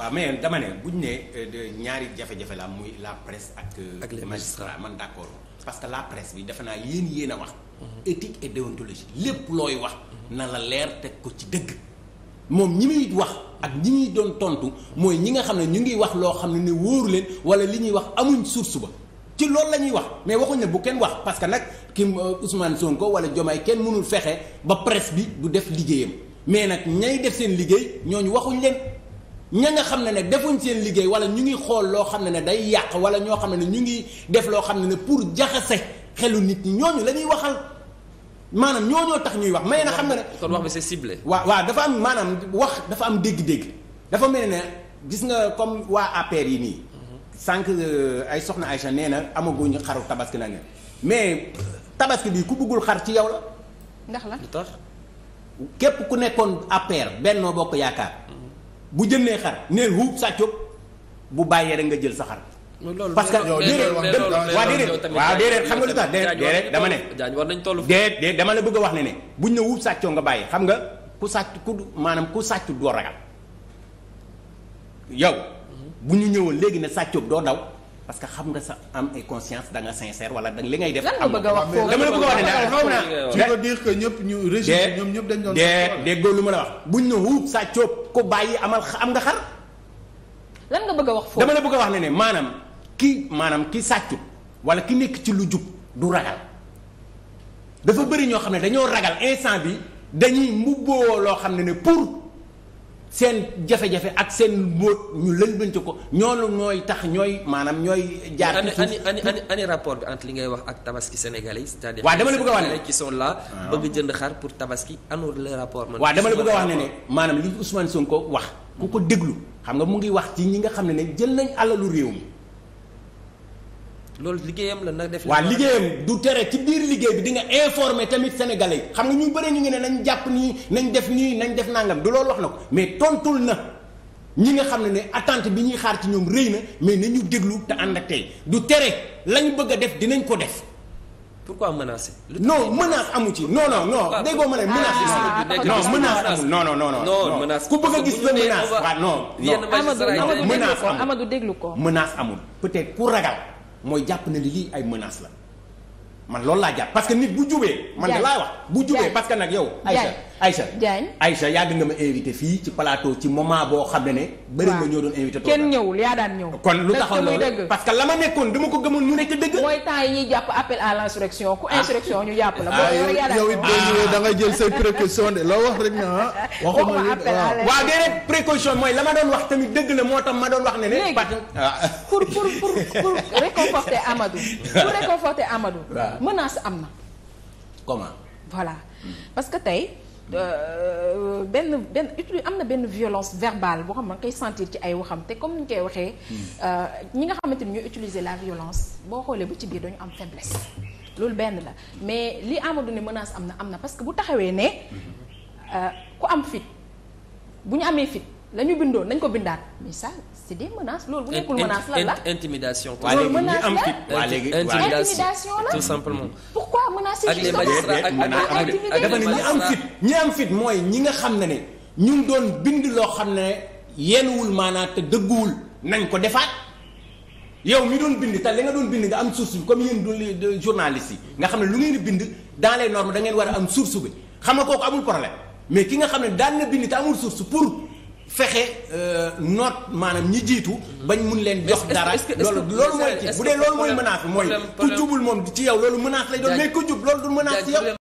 waaw mais dama ne bu ñu ne euh, ñaari jafe-jafe la muy la presse ak. Euh, ak les man d' accord parce que la presse bi defe naa yéen yéen a wax. éthique et déontologie lépp looy wax. na la leer teg ko ci dëgg. moom ñi muy wax ak ñi muy doon tontu mooy ñi nga xam ne ñu ngi wax loo xam ne ne wóoru leen wala li ñuy wax amuñ source suba ci loolu la ñuy wax mais waxuñ ne bu kenn wax parce que nag ki euh, Ousmane Sonko wala Diomaye kenn mënul fexe ba presse bi du def liggéeyam mais nag ñay def seen liggéey ñooñu waxuñ ña nga xam ne ne defuñ seen liggéey wala ñu ngi xool loo xam ne ne day yàq wala ñoo xam ne ne ñu ngi def loo xam ne ne pour jaxase xelu nit ñi ñooñu lañuy waxal maanaam ñooñoo tax ñuy wax may ne xam nga ne kon wax bi c'est ciblé dafa am maanaam wax dafa am dégg-dégg dafa mel ne gis nga comme waa APR yi nii sànq euh, ay soxna Aïcha nee na amaguñu xaru tabaski na ngeen mais tabaski bi ku bëggul xar ci yow la ndax la tax képp ku nekkoon APR Benno Bokk Yaakaar bu jëndee xar neel huub sàccob bu bàyyee rek nga jël sa xar. parce que déedéet waa déedéet waa déedéet xam nga lu tax déedéet dama ne. jaañ war nañ toll déedéet dama la bëgg a wax ne ne buñ ne huub sàccoo nga bàyyee xam nga ku sàcc ku maanaam ku sàcc doo ragal yow bu ñu ñëwoon léegi ne sàccob doo daw parce que xam nga sa am ay conscience da nga sincère wala da li ngay def. am nga wax ah, bëgg a wax ne xaw ma naa. tu veux dire que ñëpp ñu régime ñoom ñëpp dañ doon. lu ma la wax buñ ne huub sa coob ko bàyyi amal am nga xar. lan nga bëgg a wax foofu dama la wax ne ne maanaam ki maanaam ki sàccu wala ki nekk ci lu jub du ragal dafa bëri ñoo xam ne dañoo ragal instant bi dañuy mbubboo loo xam ne ne pour. seen jafe-jafe ak seen mbóot ñu lëlbënte ko ñoonu ñooy tax ñooy maanaam ñooy. jaar ani ani ani ani rapport bi li ngay wax ak tabaski sénégalais. c'est-à-dire waaw dama la bëgg a wax ne qui sont là ah. bëgg jënd xar pour tabaski anu le rapport. man waaw dama la bëgg a ne ne maanaam li Ousmane Sonko wax ku ko déglu xam nga mu ngi wax ci ñi nga xam ne ne jël nañ alalu réew mi. loolu liggéeyam la nag def. waaw liggéeyam du tere ci biir liggéey bi dinga nga informer tamit sénégalais yi xam nga ñu bëri ñu ngi ne nañ jàpp nii nañ def nii nañ def nangam du loolu wax na ko mais tontul na ñi xam ne ne attente bi ñuy xaar ci ñoom rëy na mais nañu déglu te ànd du tere lañ bëgg a def dinañ ko def. pourquoi menacer. non menace amu ci non non non déggoo ma ne menace. non menace amul non non non non menace ku a gis la menace. waaw non non menace amul Amadou déglu ko. menace amul peut-être ku ragal. mooy jàpp na li lii ay menace la man loolu laa jàpp parce que nit bu jubee man de laay wax bu jubee parce que nag yow Aïcha Aïcha Diagne Aïcha yàgg nga ma invité fii ci palaato ci moment boo xam ne ne. bëri nga ñoo doon invité. toog kenn ñëwul yaa daan ñëw. kon lu taxoon loolu parce que la ma nekkoon dama ko gëmoon mu nekk dëgg. mooy temps yi ñuy jàpp appel à l' insurrection ku ah. insurrection ñu jàpp la. ah yow yow it da nga jël say précaution de loo wax rek ne ah. waxuma li précaution mooy la ma doon wax tamit dëgg la moo tax ma doon wax ne ne. léegi ah. pour pour pour pour réconforter Amadou. pour réconforter Amadou. menace am Euh, benn benn utile am na benn violence verbale boo xam ne koy sentir ci ay waxam te comme ni ñu koy waxee. Euh, ñi nga xamante ni ñoo utiliser la violence boo xoolee ba ci biir dañu am faiblesse. loolu benn la mais li Amadou ne menace am na am na parce que bu taxawee ne euh, ku am fit bu ñu amee fit. la ñu bindoon nañ ko bindaat mais ça c'est des menaces loolu bu nekkul menace lan la intimidation loolu menace la intimidation la tout simplement pourquoi menacer ak les magistrats ak dafa ne ñi am fit ñi am fit mooy ñi nga xam ne ne ñu ngi doon bind loo xam ne yenuwul maanaa te dëgguwul nañ ko defaat yow mi doon bind te li nga doon bind nga am source bi comme yéen du journaliste yi nga xam ne lu ngeen di bind dans les normes da ngeen war a am source bi xam nga kooku amul problème mais ki nga xam ne daan na bind te amul source pour fexe euh, noot maanaam ñi jiitu bañ mun leen jox dara loolu loolu mooy ci bu dee loolu mooy menace mooy ku jubul moom ci yow loolu menace lay doon mais ku jub loolu du menace ci yow